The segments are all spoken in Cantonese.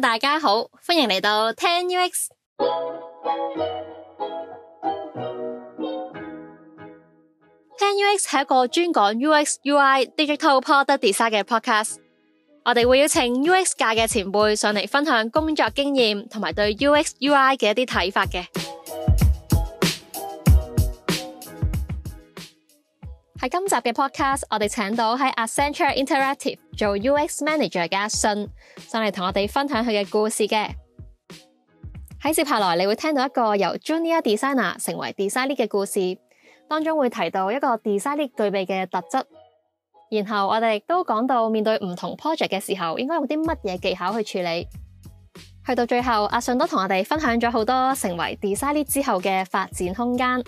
大家好，歡迎嚟到聽 UX。聽 UX 係一個專講 UX/UI、Digital Product Design 嘅 Podcast。我哋會邀請 UX 界嘅前輩上嚟分享工作經驗同埋對 UX/UI 嘅一啲睇法嘅。喺今集嘅 podcast，我哋請到喺 Accenture Interactive 做 UX Manager 嘅阿信上嚟，同我哋分享佢嘅故事嘅。喺接下來你會聽到一個由 Junior Designer 成為 Designer 嘅故事，當中會提到一個 Designer 具備嘅特質。然後我哋亦都講到面對唔同 project 嘅時候，應該用啲乜嘢技巧去處理。去到最後，阿信都同我哋分享咗好多成為 Designer 之後嘅發展空間。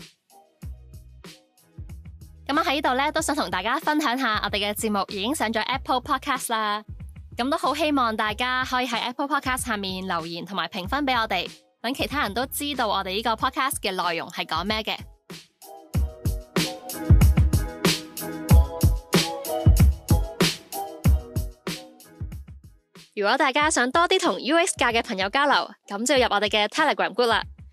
咁喺呢度咧，都想同大家分享下我哋嘅節目已經上咗 Apple Podcast 啦。咁都好希望大家可以喺 Apple Podcast 下面留言同埋評分俾我哋，等其他人都知道我哋呢個 Podcast 嘅內容係講咩嘅。 如果大家想多啲同 UX 界嘅朋友交流，咁就要入我哋嘅 Telegram group 啦。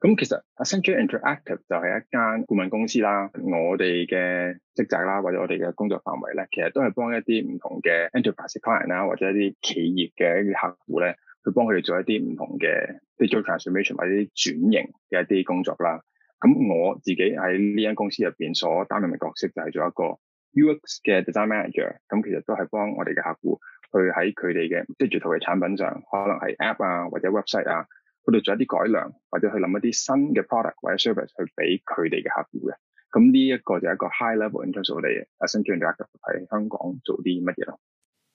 咁、嗯、其實 Accenture Interactive 就係一間顧問公司啦，我哋嘅職責啦，或者我哋嘅工作範圍咧，其實都係幫一啲唔同嘅 enterprise client 啦，或者一啲企業嘅一啲客戶咧，去幫佢哋做一啲唔同嘅 digital transformation 或者啲轉型嘅一啲工作啦。咁、嗯、我自己喺呢間公司入邊所擔任嘅角色就係做一個 UX 嘅 design manager，咁、嗯、其實都係幫我哋嘅客戶去喺佢哋嘅 Digital 嘅產品上，可能係 app 啊或者 website 啊。佢哋做一啲改良或者去諗一啲新嘅 product 或者 service 去俾佢哋嘅客戶嘅，咁呢一個就係一個 high level interest，我哋阿新 join 喺香港做啲乜嘢咯。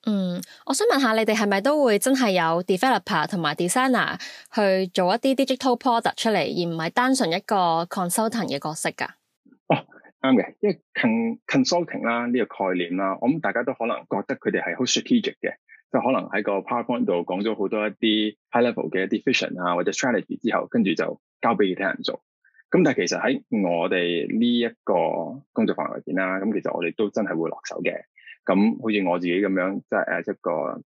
嗯，我想問下你哋係咪都會真係有 developer 同埋 designer 去做一啲 digital product 出嚟，而唔係單純一個 consultant 嘅角色噶？哦，啱嘅，因為 consulting 啦呢個概念啦，我諗大家都可能覺得佢哋係好 strategic 嘅即可能喺個 PowerPoint 度講咗好多一啲 high level 嘅一啲 vision 啊或者 strategy 之後，跟住就交俾其他人做。咁但係其實喺我哋呢一個工作範圍入邊啦，咁其實我哋都真係會落手嘅。咁好似我自己咁樣，即係誒一個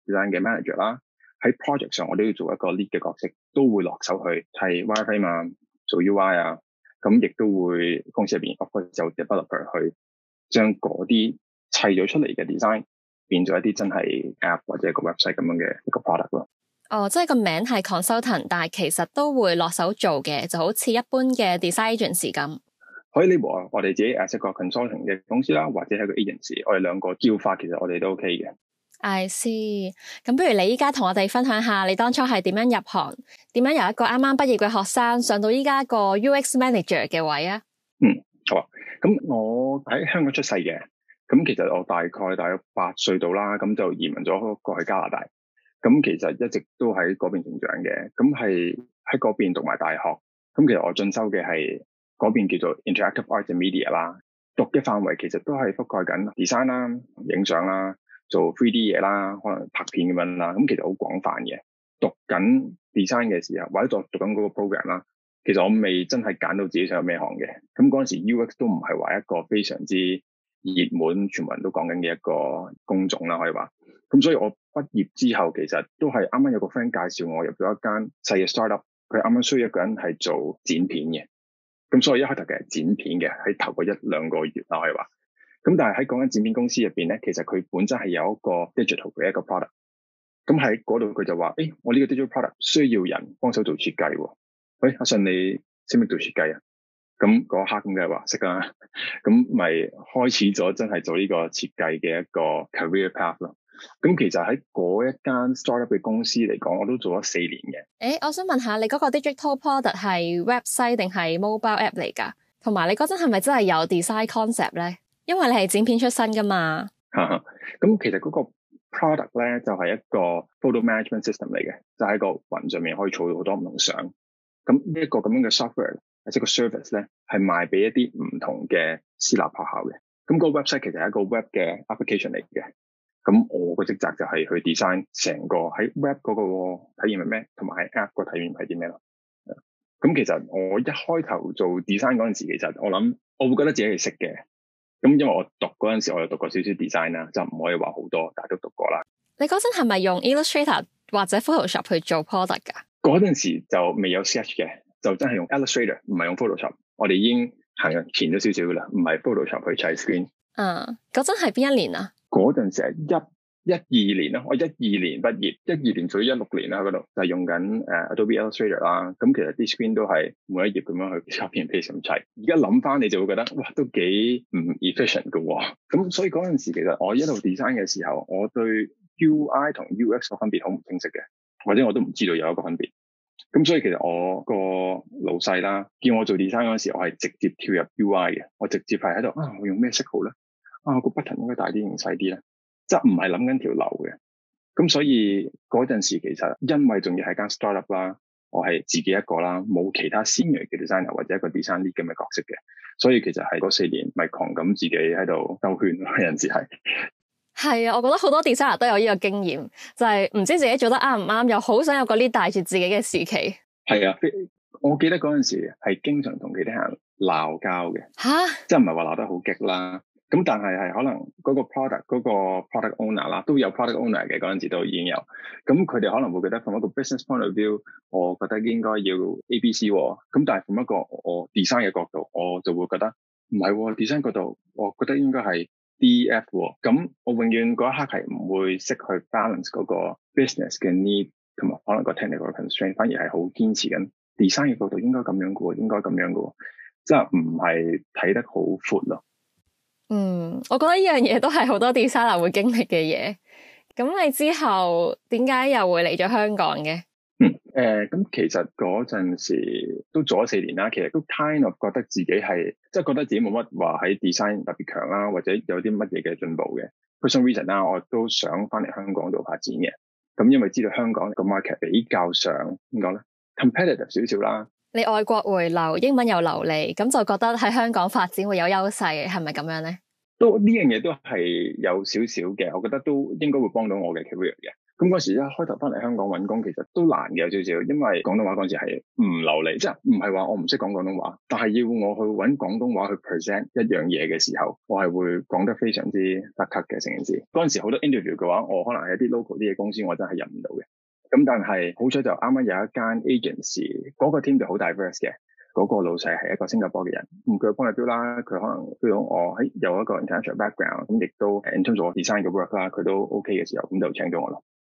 design 嘅 manager 啦，喺 project 上我都要做一個 lead 嘅角色，都會落手去睇 wireframe 啊，做 UI 啊，咁亦都會公司入邊 office 就 developer 去將嗰啲砌咗出嚟嘅 design。變咗一啲真係 App 或者一個 website 咁樣嘅一個 product 咯。哦，即係個名係 consultant，但係其實都會落手做嘅，就好似一般嘅 design agency 咁。可以呢部我哋自己誒識個 consulting 嘅公司啦，或者係個 agency，我哋兩個叫法其實我哋都 OK 嘅。I see。咁不如你依家同我哋分享下，你當初係點樣入行？點樣由一個啱啱畢業嘅學生，上到依家個 UX manager 嘅位啊？嗯，好啊。咁我喺香港出世嘅。咁其實我大概大約八歲度啦，咁就移民咗過去加拿大。咁其實一直都喺嗰邊成長嘅，咁係喺嗰邊讀埋大學。咁其實我進修嘅係嗰邊叫做 Interactive Arts and Media 啦，讀嘅範圍其實都係覆蓋緊 design 啦、影相啦、做 3D 嘢啦、可能拍片咁樣啦。咁其實好廣泛嘅。讀緊 design 嘅時候，或者讀讀緊嗰個 program 啦，其實我未真係揀到自己想有咩行嘅。咁嗰陣時 UX 都唔係話一個非常之熱門，全部人都講緊嘅一個工種啦，可以話。咁所以我畢業之後其實都係啱啱有個 friend 介紹我入咗一間細嘅 startup，佢啱啱需要一個人係做剪片嘅。咁所以一開頭嘅係剪片嘅，喺頭嗰一兩個月啦，可以話。咁但係喺講緊剪片公司入邊咧，其實佢本身係有一個 digital 嘅一個 product 那那。咁喺嗰度佢就話：誒，我呢個 digital product 需要人幫手做設計。喂、欸，阿信你識唔識做設計啊？咁嗰刻咁就話識啦，咁咪開始咗真係做呢個設計嘅一個 career path 咯。咁其實喺嗰一間 startup 嘅公司嚟講，我都做咗四年嘅。誒、欸，我想問下你嗰個 digital product 係 website 定係 mobile app 嚟㗎？同埋你嗰陣係咪真係有 design concept 咧？因為你係剪片出身㗎嘛。嚇、嗯！咁、嗯嗯、其實嗰個 product 咧就係、是、一個 photo management system 嚟嘅，就喺、是、個雲上面可以儲到好多唔同相。咁、嗯、呢一個咁樣嘅 software。即個 service 咧，係賣俾一啲唔同嘅私立學校嘅。咁個 website 其實係一個 web 嘅 application 嚟嘅。咁我個職責就係去 design 成個喺 web 嗰個體驗係咩，同埋喺 app 個體驗係啲咩咯。咁其實我一開頭做 design 嗰陣時，其實我諗我會覺得自己係識嘅。咁因為我讀嗰陣時，我有讀過少少 design 啦，就唔可以話好多，但係都讀過啦。你嗰陣係咪用 Illustrator 或者 Photoshop 去做 product 㗎？嗰陣時就未有 search 嘅。就真係用 Illustrator，唔係用 Photoshop。我哋已經行入前咗少少啦，唔係 Photoshop 去砌 screen。啊，嗰陣係邊一年啊？嗰陣時係一一二年啦，我一二年畢業，一二年到一六年啦，嗰度就用緊誒 Adobe Illustrator 啦。咁其實啲 screen 都係每一頁咁樣去 copy and paste 咁砌。而家諗翻你就會覺得，哇，都幾唔 efficient 嘅。咁所以嗰陣時，其實我一路 design 嘅時候，我對 UI 同 UX 嘅分別好唔清晰嘅，或者我都唔知道有一個分別。咁所以其實我個老細啦，叫我做 design 嗰時，我係直接跳入 UI 嘅，我直接係喺度啊，我用咩色號咧？啊，個 button 應該大啲定細啲咧？即係唔係諗緊條流嘅。咁所以嗰陣時其實因為仲要係間 startup 啦，我係自己一個啦，冇其他 senior 嘅 designer 或者一個 design lead 咁嘅角色嘅，所以其實係嗰四年咪狂咁自己喺度兜圈咯，有陣時係。係啊，我覺得好多 designer 都有呢個經驗，就係、是、唔知自己做得啱唔啱，又好想有個 lead 帶住自己嘅時期。係啊，我記得嗰陣時啊，係經常同其他人鬧交嘅。吓蛤，即係唔係話鬧得好激啦，咁但係係可能嗰個 product 個 product owner 啦，都有 product owner 嘅嗰陣時都已經有，咁佢哋可能會覺得從一個 business point of view，我覺得應該要 ABC，咁但係從一個我 design 嘅角度，我就會覺得唔係，design 角度，我覺得應該係。D F 喎，咁我永遠嗰一刻係唔會識去 balance 嗰個 business 嘅 need，同埋可能個 technical constraint，反而係好堅持緊 design 嘅角度應該咁樣嘅喎，應該咁樣嘅喎，即係唔係睇得好闊咯。嗯，我覺得依樣嘢都係好多 designer 會經歷嘅嘢。咁你之後點解又會嚟咗香港嘅？誒咁、呃、其實嗰陣時都做咗四年啦，其實都 kind of 覺得自己係即係覺得自己冇乜話喺 design 特別強啦，或者有啲乜嘢嘅進步嘅。Personal reason 啦，我都想翻嚟香港度發展嘅。咁因為知道香港個 market 比較上點講咧，competitive 少少啦。你外國回流，英文又流利，咁就覺得喺香港發展會有優勢，係咪咁樣咧？都呢樣嘢都係有少少嘅，我覺得都應該會幫到我嘅 career 嘅。咁嗰時一開頭翻嚟香港揾工，其實都難嘅有少少，因為廣東話嗰陣時係唔流利，即係唔係話我唔識講廣東話，但係要我去揾廣東話去 present 一樣嘢嘅時候，我係會講得非常之得級嘅成件事。嗰陣時好多 interview 嘅話，我可能係一啲 local 啲嘅公司，我真係入唔到嘅。咁但係好彩就啱啱有一間 agency，嗰個 team 就好 diverse 嘅，嗰個老細係一個新加坡嘅人，咁佢幫你標啦，佢可能譬如我喺有一個 international background，咁亦都誒 in terms 我 design 嘅 work 啦，佢都 OK 嘅時候，咁就請咗我咯。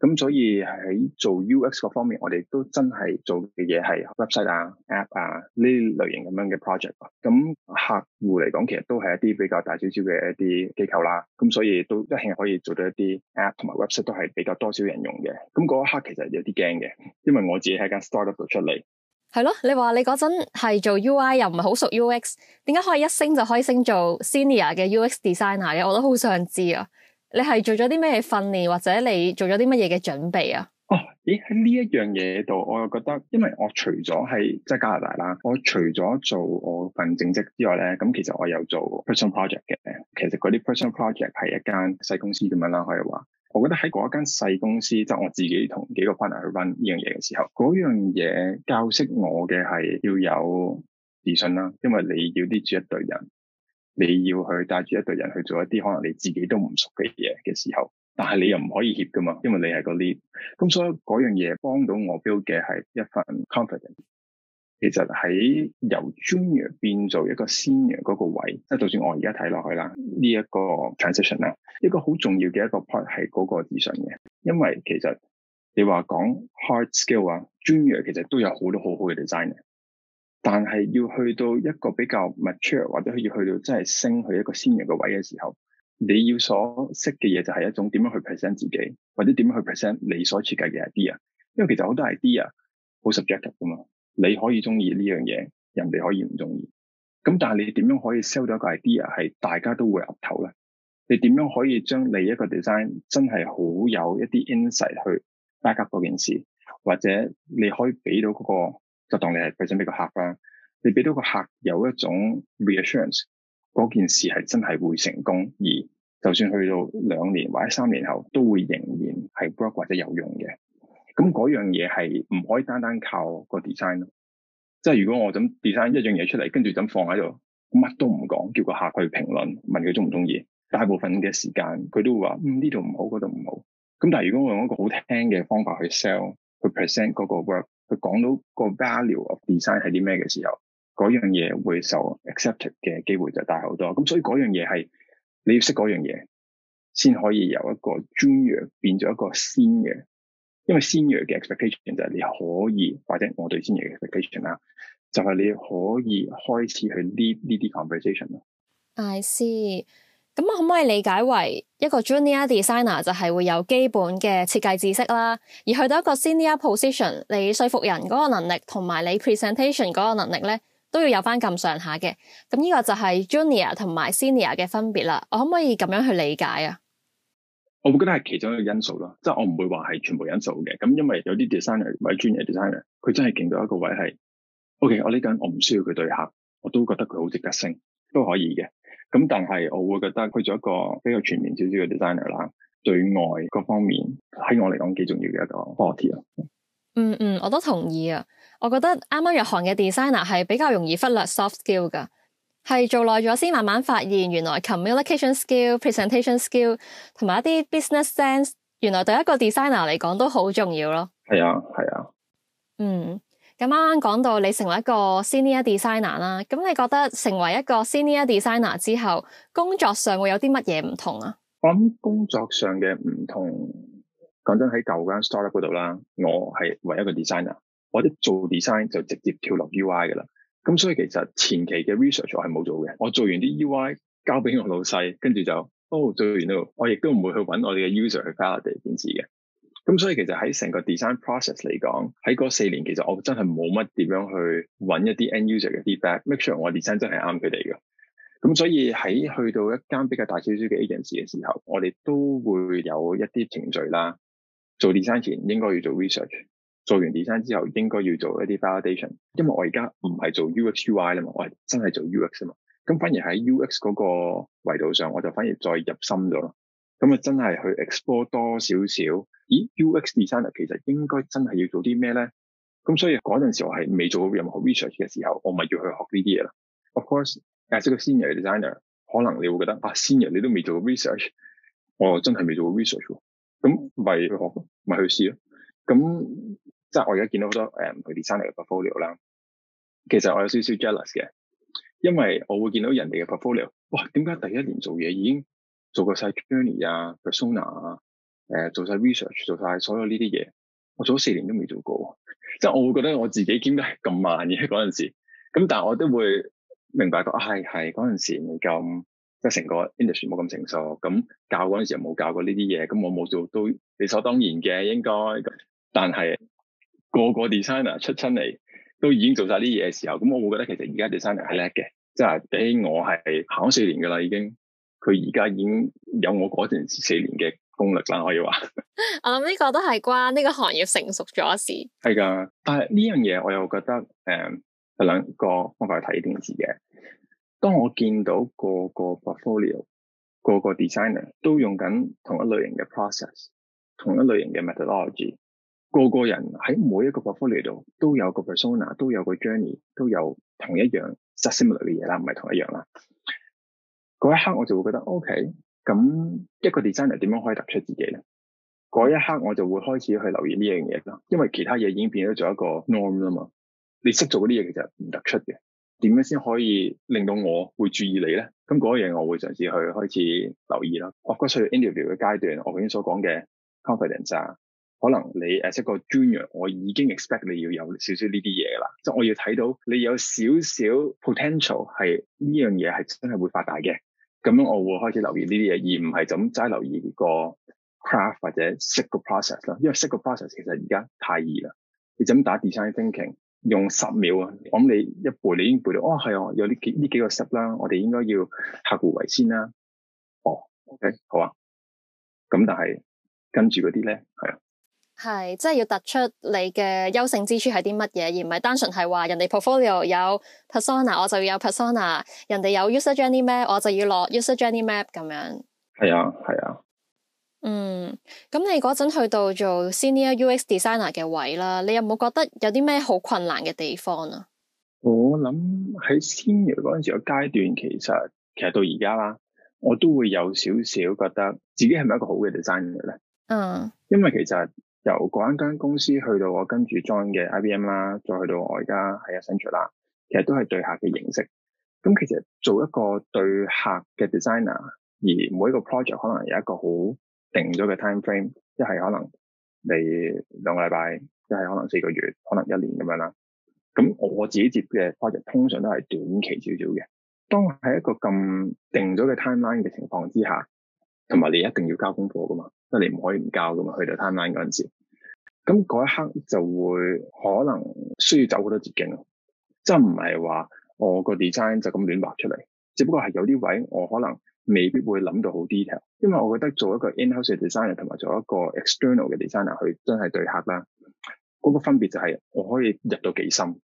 咁所以喺做 UX 嗰方面，我哋都真係做嘅嘢係 website 啊、app 啊呢類型咁樣嘅 project。咁客戶嚟講，其實都係一啲比較大少少嘅一啲機構啦。咁所以都一定可以做到一啲 app 同埋 website 都係比較多少人用嘅。咁嗰一刻其實有啲驚嘅，因為我自己喺間 startup 度出嚟。係咯，你話你嗰陣係做 UI 又唔係好熟 UX，點解可以一升就可以升做 senior 嘅 UX designer 嘅？我都好想知啊！你係做咗啲咩訓練或者你做咗啲乜嘢嘅準備啊？哦，咦？喺呢一樣嘢度，我又覺得，因為我除咗係即係加拿大啦，我除咗做我份正職之外咧，咁其實我有做 personal project 嘅。其實嗰啲 personal project 係一間細公司咁樣啦，可以話。我覺得喺嗰一間細公司，即係我自己同幾個 partner 去 run 呢樣嘢嘅時候，嗰樣嘢教識我嘅係要有自信啦，因為你要啲住一隊人。你要去帶住一隊人去做一啲可能你自己都唔熟嘅嘢嘅時候，但係你又唔可以怯噶嘛，因為你係個 lead。咁所以嗰樣嘢幫到我 build 嘅係一份 confidence。其實喺由 junior 變做一個 senior 嗰個位，即係就算我而家睇落去啦，呢、這個、一個 transition 啦，一個好重要嘅一個 point 係嗰個自信嘅，因為其實你話講 hard skill 啊，junior 其實都有很多很好多好好嘅 designer。但係要去到一個比較 mature，或者可以去到真係升去一個 senior 嘅位嘅時候，你要所識嘅嘢就係一種點樣去 present 自己，或者點樣去 present 你所設計嘅 idea。因為其實好多 idea 好 subjective 噶嘛，你可以中意呢樣嘢，人哋可以唔中意。咁但係你點樣可以 sell 到一個 idea 係大家都會岌頭咧？你點樣可以將你一個 design 真係好有一啲 insight 去 back up 嗰件事，或者你可以俾到嗰、那個？就當你係俾錢俾個客啦，你俾到個客有一種 reassurance，嗰件事係真係會成功，而就算去到兩年或者三年後，都會仍然係 work 或者有用嘅。咁嗰樣嘢係唔可以單單靠個 design 咯。即係如果我咁 design 一樣嘢出嚟，跟住咁放喺度，乜都唔講，叫個客去評論，問佢中唔中意。大部分嘅時間佢都會話：嗯，呢度唔好，嗰度唔好。咁但係如果我用一個好聽嘅方法去 sell，去 present 嗰個 work。佢講到個 value of design 係啲咩嘅時候，嗰樣嘢會受 accepted 嘅機會就大好多。咁所以嗰樣嘢係你要識嗰樣嘢，先可以由一個專業變咗一個 senior。因為 senior 嘅 expectation 就係你可以，或者我對 senior 嘅 expectation 啦，就係你可以開始去 lead 呢啲 conversation 咯。I see. 咁我可唔可以理解為一個 Junior Designer 就係會有基本嘅設計知識啦，而去到一個 Senior Position，你說服人嗰個能力同埋你 Presentation 嗰個能力咧，都要有翻咁上下嘅。咁呢個就係 Junior 同埋 Senior 嘅分別啦。我可唔可以咁樣去理解啊？我會覺得係其中一個因素咯，即係我唔會話係全部因素嘅。咁因為有啲 Designer 或者 Junior Designer，佢真係見到一個位係，OK，我呢個人我唔需要佢對客，我都覺得佢好值得升，都可以嘅。咁但係我會覺得佢做一個比較全面少少嘅 designer 啦，對外各方面喺我嚟講幾重要嘅一個 quality 咯。嗯嗯，我都同意啊。我覺得啱啱入行嘅 designer 係比較容易忽略 soft skill 噶，係做耐咗先慢慢發現，原來 communication skill、presentation skill 同埋一啲 business sense，原來對一個 designer 嚟講都好重要咯。係啊係啊，啊嗯。咁啱啱講到你成為一個 senior designer 啦，咁你覺得成為一個 senior designer 之後，工作上會有啲乜嘢唔同啊？我諗工作上嘅唔同，講真喺舊間 startup 嗰度啦，我係唯一個 designer，我一做 design 就直接跳落 UI 噶啦，咁所以其實前期嘅 research 我係冇做嘅，我做完啲 UI 交俾我老細，跟住就哦做完咯，我亦都唔會去揾我哋嘅 user 去 validate 先知嘅。咁所以其實喺成個 design process 嚟講，喺嗰四年其實我真係冇乜點樣去揾一啲 end user 嘅 feedback，make sure 我 design 真係啱佢哋嘅。咁所以喺去到一間比較大少少嘅 agency 嘅時候，我哋都會有一啲程序啦。做 design 前應該要做 research，做完 design 之後應該要做一啲 validation。因為我而家唔係做 UX/UI 啦嘛，我係真係做 UX 啊嘛。咁反而喺 UX 嗰個維度上，我就反而再入深咗咯。咁啊，真係去 explore 多少少？咦，UX designer 其實應該真係要做啲咩咧？咁所以嗰陣時我係未做過任何 research 嘅時候，我咪要去學呢啲嘢啦。Of course，as a senior designer，可能你會覺得啊，senior 你都未做過 research，我真係未做過 research 喎。咁咪去學，咪去試咯。咁即係我而家見到好多誒唔同 designer 嘅 portfolio 啦。其實我有少少 jealous 嘅，因為我會見到人哋嘅 portfolio，哇！點解第一年做嘢已經？做過晒 journey 啊，persona 啊，誒、呃、做曬 research，做曬所有呢啲嘢，我做咗四年都未做過，即、就、係、是、我會覺得我自己點解咁慢嘅嗰陣時，咁但係我都會明白過、啊就是、個係係嗰陣時未咁，即係成個 industry 冇咁成熟，咁、嗯、教嗰陣又冇教過呢啲嘢，咁、嗯、我冇做都理所當然嘅應該，但係個個 designer 出親嚟都已經做曬啲嘢嘅時候，咁、嗯、我會覺得其實而家 designer 係叻嘅，即係誒我係考咗四年噶啦已經。佢而家已經有我嗰陣時四年嘅功力啦，可以話。我諗呢個都係關呢個行業成熟咗事。係噶，但係呢樣嘢我又覺得，誒、嗯，有兩個方法去睇呢件事嘅。當我見到個個 portfolio、個個 designer 都用緊同一類型嘅 process、同一類型嘅 methodology，個個人喺每一個 portfolio 度都有個 persona，都有個 journey，都有同一樣 similar 嘅嘢啦，唔係同一樣啦。嗰一刻我就會覺得 OK，咁一個 designer 點樣可以突出自己咧？嗰一刻我就會開始去留意呢樣嘢啦，因為其他嘢已經變咗做一個 norm 啦嘛。你識做嗰啲嘢其實唔突出嘅，點樣先可以令到我會注意你咧？咁、那、嗰個嘢我會嘗試去開始留意啦。我嗰去 interview 嘅階段，我頭先所講嘅 confidence，可能你誒一個 junior，我已經 expect 你要有少少呢啲嘢啦，即係我要睇到你有少少 potential 係呢樣嘢係真係會發大嘅。咁樣我會開始留意呢啲嘢，而唔係就咁齋留意個 craft 或者 set 個 process 咯。因為 set 個 process 其實而家太易啦。你咁打 design thinking？用十秒啊，我諗你一背你已經背到。哦，係啊，有呢幾呢幾個 step 啦，我哋應該要客戶為先啦、啊。哦，OK，好啊。咁但係跟住嗰啲咧，係啊。係，即係要突出你嘅優勝之處係啲乜嘢，而唔係單純係話人哋 portfolio 有 persona，我就要有 persona；人哋有 user journey map，我就要落 user journey map 咁樣。係啊，係啊。嗯，咁你嗰陣去到做 senior UX designer 嘅位啦，你有冇覺得有啲咩好困難嘅地方啊？我諗喺 senior 嗰陣時嘅階段，其實其實到而家啦，我都會有少少覺得自己係咪一個好嘅 designer 咧？嗯，因為其實。由嗰一間公司去到我跟住 join 嘅 IBM 啦，再去到我而家喺 Accenture 啦，其實都係對客嘅形式。咁其實做一個對客嘅 designer，而每一個 project 可能有一個好定咗嘅 time frame，即係可能你兩個禮拜，即係可能四個月，可能一年咁樣啦。咁我自己接嘅 project 通常都係短期少少嘅。當喺一個咁定咗嘅 timeline 嘅情況之下，同埋你一定要交功課㗎嘛。嗰年唔可以唔交㗎嘛，去到 timeline 嗰陣時，咁嗰一刻就會可能需要走好多捷徑咯，即係唔係話我個 design 就咁亂畫出嚟，只不過係有啲位我可能未必會諗到好 detail，因為我覺得做一個 in-house designer 同埋做一個 external 嘅 designer，佢真係對客啦，嗰、那個分別就係我可以入到幾深。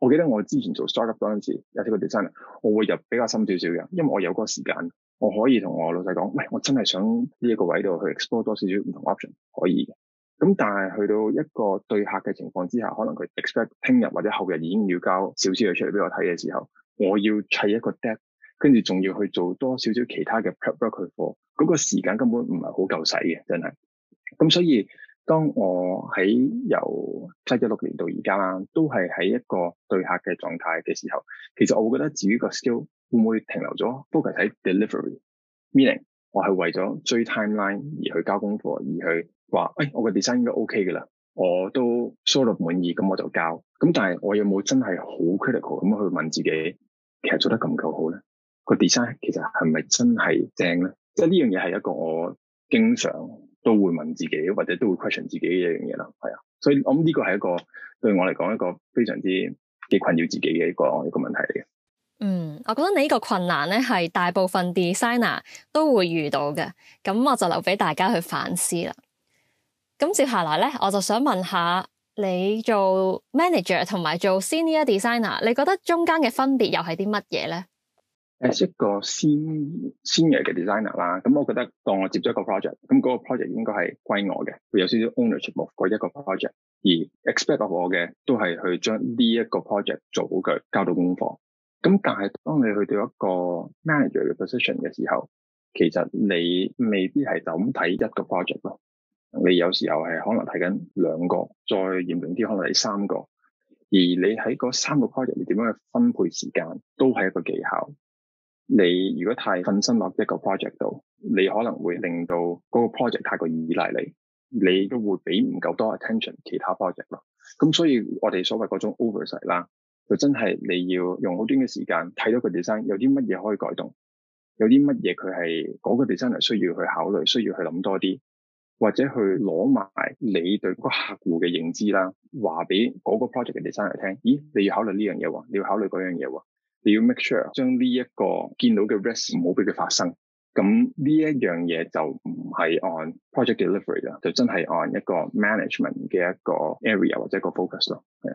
我記得我之前做 startup 嗰陣時，有啲個 designer，我會入比較深少少嘅，因為我有嗰個時間。我可以同我老細講，喂，我真係想呢一個位度去 explore 多少少唔同 option，可以嘅。咁但係去到一個對客嘅情況之下，可能佢 expect 聽日或者後日已經要交少少嘢出嚟俾我睇嘅時候，我要砌一個 d e c k 跟住仲要去做多少少其他嘅 prep work 佢，嗰、那個時間根本唔係好夠使嘅，真係。咁所以當我喺由七一六年到而家，都係喺一個對客嘅狀態嘅時候，其實我會覺得自己個 skill。會唔會停留咗？都係喺 delivery meaning，我係為咗追 timeline 而去交功課，而去話誒、哎，我個 design 應該 OK 嘅啦，我都 sort of 滿意，咁我就交。咁但係我有冇真係好 critical 咁去問自己，其實做得咁唔夠好咧？個 design 其實係咪真係正咧？即係呢樣嘢係一個我經常都會問自己，或者都會 question 自己嘅一樣嘢啦。係啊，所以我諗呢個係一個對我嚟講一個非常之嘅困擾自己嘅一個一個問題嚟嘅。嗯，我覺得你呢個困難咧，係大部分 designer 都會遇到嘅。咁我就留俾大家去反思啦。咁接下來咧，我就想問下你做 manager 同埋做 senior designer，你覺得中間嘅分別又係啲乜嘢咧？As，一個 senior 嘅 designer 啦，咁我覺得當我接咗一個 project，咁嗰個 project 應該係歸我嘅，會有少少 ownership 過一個 project，而 expect 我嘅都係去將呢一個 project 做好佢，交到功課。咁但係當你去到一個 manager 嘅 position 嘅時候，其實你未必係就咁睇一個 project 咯。你有時候係可能睇緊兩個，再嚴重啲可能係三個。而你喺嗰三個 project，你點樣去分配時間都係一個技巧。你如果太瞓身落一個 project 度，你可能會令到嗰個 project 太過依賴你，你都會俾唔夠多 attention 其他 project 咯。咁所以我哋所謂嗰種 oversight 啦。就真係你要用好短嘅時間睇到個 design 有啲乜嘢可以改動，有啲乜嘢佢係嗰個 design 需要去考慮、需要去諗多啲，或者去攞埋你對嗰個客戶嘅認知啦，話俾嗰個 project 嘅 design 嚟聽。咦，你要考慮呢樣嘢喎，你要考慮嗰樣嘢喎，你要 make sure 將呢一個見到嘅 risk 冇俾佢發生。咁呢一樣嘢就唔係按 project delivery 啦，就真係按一個 management 嘅一個 area 或者一個 focus 咯，係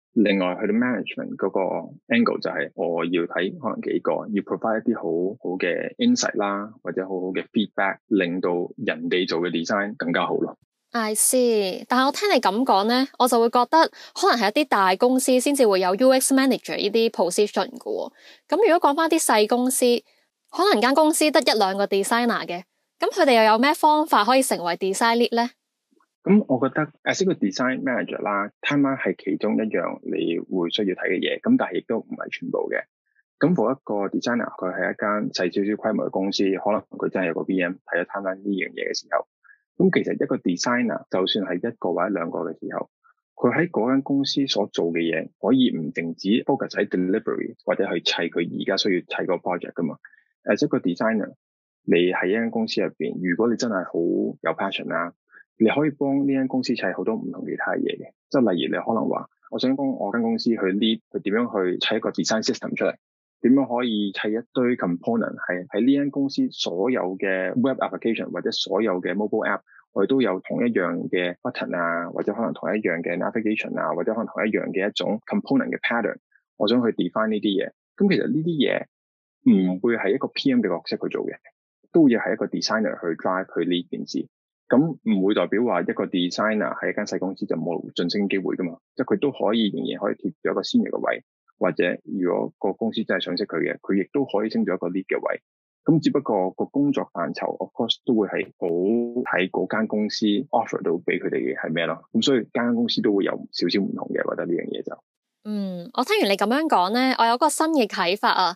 另外，佢哋 management 嗰個 angle 就係我要睇可能幾個，要 provide 一啲好好嘅 insight 啦，或者好好嘅 feedback，令到人哋做嘅 design 更加好咯。I see，但係我聽你咁講咧，我就會覺得可能係一啲大公司先至會有 UX manager 呢啲 position 噶喎，哦。咁如果講翻啲細公司，可能間公司得一兩個 designer 嘅，咁佢哋又有咩方法可以成為 design lead 咧？咁我覺得，As a design manager 啦，time line 係其中一樣你會需要睇嘅嘢。咁但係亦都唔係全部嘅。咁某一個 designer，佢係一間細少少規模嘅公司，可能佢真係有個 BM 睇咗 time line 呢樣嘢嘅時候，咁其實一個 designer 就算係一個或者兩個嘅時候，佢喺嗰間公司所做嘅嘢，可以唔停止 focus 喺 delivery 或者去砌佢而家需要砌個 project 噶嘛？As a designer，你喺一間公司入邊，如果你真係好有 passion 啦。你可以幫呢間公司砌好多唔同其他嘢嘅，即係例如你可能話：我想幫我間公司去 lead，去點樣去砌一個 design system 出嚟，點樣可以砌一堆 component 係喺呢間公司所有嘅 web application 或者所有嘅 mobile app，我哋都有同一樣嘅 button 啊，或者可能同一樣嘅 navigation 啊，或者可能同一樣嘅一種 component 嘅 pattern，我想去 define 呢啲嘢。咁其實呢啲嘢唔會係一個 PM 嘅角色去做嘅，都要係一個 designer 去 drive 佢呢件事。咁唔會代表話一個 designer 喺一間細公司就冇晉升機會㗎嘛？即係佢都可以仍然可以貼咗一個 senior 嘅位，或者如果個公司真係賞識佢嘅，佢亦都可以升咗一個 lead 嘅位。咁只不過個工作範疇，of course，都會係好睇嗰間公司 offer 到俾佢哋嘅係咩咯。咁所以間間公司都會有少少唔同嘅，或者呢樣嘢就嗯，我聽完你咁樣講咧，我有個新嘅啟發啊！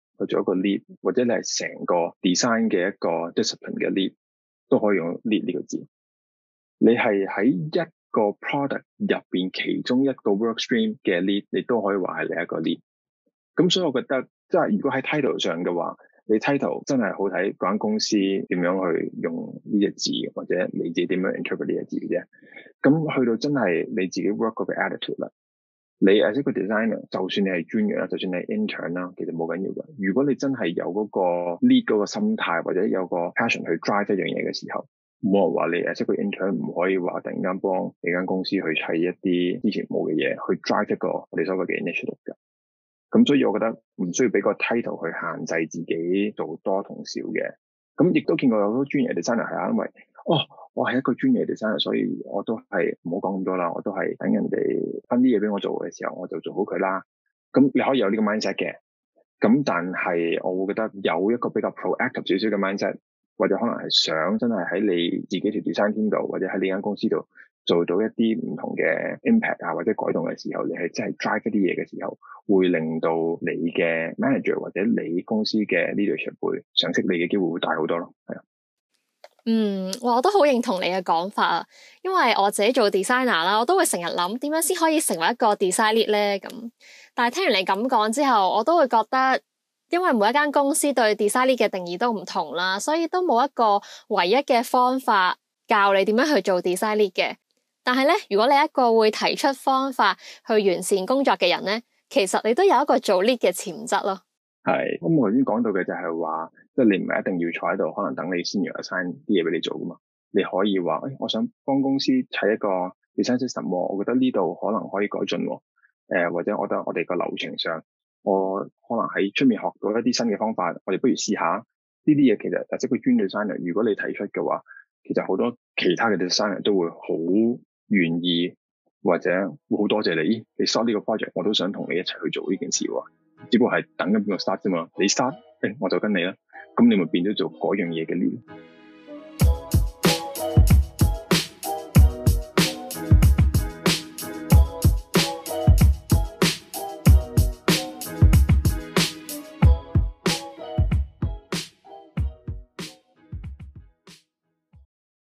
去做一個 lead，或者你係成個 design 嘅一個 discipline 嘅 lead，都可以用 lead 呢個字。你係喺一個 product 入邊其中一個 workstream 嘅 lead，你都可以話係另一個 lead。咁所以我覺得，即係如果喺 title 上嘅話，你 title 真係好睇嗰間公司點樣去用呢隻字，或者你自己點樣 interpret 呢隻字嘅啫。咁去到真係你自己 work 嗰個 attitude 啦。你 as 一個 designer，就算你係專業啦，就算你係 intern 啦，其實冇緊要嘅。如果你真係有嗰個 lead 嗰個心態，或者有個 passion 去 drive 一樣嘢嘅時候，冇人話你 as 一個 intern 唔可以話突然間幫你間公司去砌一啲之前冇嘅嘢，去 drive 一個我哋所謂嘅 initiative 嘅。咁所以我覺得唔需要俾個 title 去限制自己做多同少嘅。咁亦都見過有好多專業嘅 designer 係啊，因為哦。我係一個專業 designer，所以我都係唔好講咁多啦。我都係等人哋分啲嘢俾我做嘅時候，我就做好佢啦。咁你可以有呢個 mindset 嘅，咁但係我會覺得有一個比較 proactive 少少嘅 mindset，或者可能係想真係喺你自己條 design team 度，或者喺呢間公司度做到一啲唔同嘅 impact 啊，或者改動嘅時候，你係真係 drive 一啲嘢嘅時候，會令到你嘅 manager 或者你公司嘅 leadership 會賞識你嘅機會會大好多咯，係啊。嗯，我都好認同你嘅講法啊，因為我自己做 designer 啦，我都會成日諗點樣先可以成為一個 designer 呢？咁。但係聽完你咁講之後，我都會覺得，因為每一間公司對 designer 嘅定義都唔同啦，所以都冇一個唯一嘅方法教你點樣去做 designer 嘅。但係呢，如果你一個會提出方法去完善工作嘅人呢，其實你都有一個做 lead 嘅潛質咯。係，咁、嗯、我頭先講到嘅就係話，即、就、係、是、你唔係一定要坐喺度，可能等你先要 assign 啲嘢俾你做噶嘛。你可以話，誒、欸，我想幫公司砌一個 design system，我覺得呢度可能可以改進。誒、呃，或者我覺得我哋個流程上，我可能喺出面學到一啲新嘅方法，我哋不如試下呢啲嘢。其實或者個專嘅 salary，如果你提出嘅話，其實好多其他嘅 design 人都會好願意，或者會好多謝你。你 start 呢個 project，我都想同你一齊去做呢件事喎。只不過係等緊邊個 start 啫嘛，你 start、欸、我就跟你啦，咁你咪變咗做嗰樣嘢嘅呢？